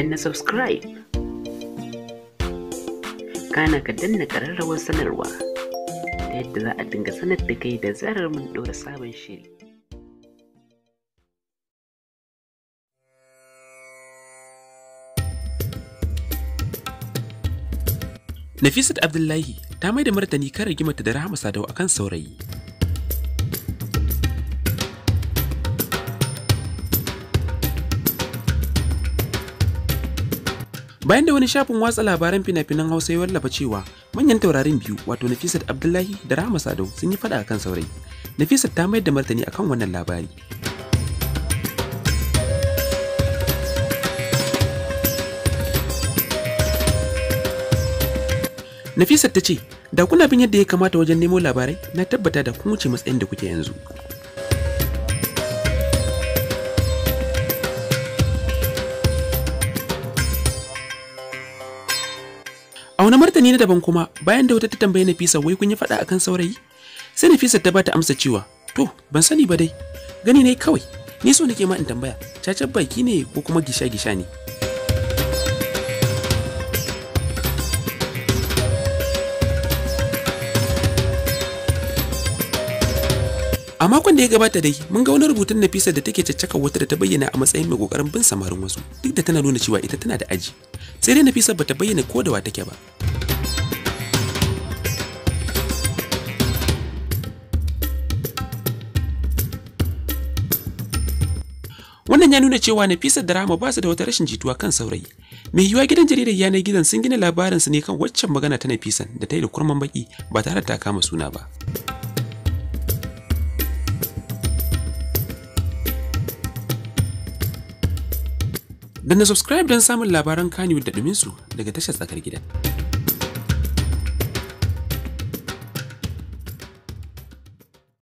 danna subscribe kana ka danna ƙararrawar sanarwa ta yadda za a dinga sanar da kai da zarar mun ɗora sabon shiri Nafisat Abdullahi ta mai da martani kan rigimarta da Rahama Sadau akan saurayi. bayan da wani shafin watsa labaran fina-finan hausa ya wallafa cewa manyan taurarin biyu wato nafisat abdullahi da rahama sadau sun yi faɗa akan saurayi nafisat ta mayar da martani akan wannan labari nafisat ta ce da kuna bin yadda ya kamata wajen nemo labarai na tabbata da kun wuce matsayin da kuke yanzu A wani martani na daban kuma bayan da wata ta tambaye Nafisa wai kun yi faɗa akan saurayi? Sai Nafisa ta bata amsa cewa to ban sani ba dai gani ne kawai ni so nake ma in tambaya cacar baki ne ko kuma gisha gisha ne A makon da ya gabata dai, mun ga wani rubutun Nafisa da take caccaka wata da ta bayyana a matsayin mai kokarin bin samarin wasu, duk da tana nuna cewa ita tana da aji. Sai dai Nafisa bata bayyana ko da wa take ba. Wannan ya nuna cewa Nafisa da Rahama ba su da wata rashin jituwa kan saurayi. Mai yiwuwa gidan jaridar yanar gidan sun gina labarinsu ne kan waccan magana ta Nafisan da ta yi da kurman baki ba tare da ta kama suna ba. Da na subscribe don samun labaran kanyu da ɗuminsu daga tashar tsakar gida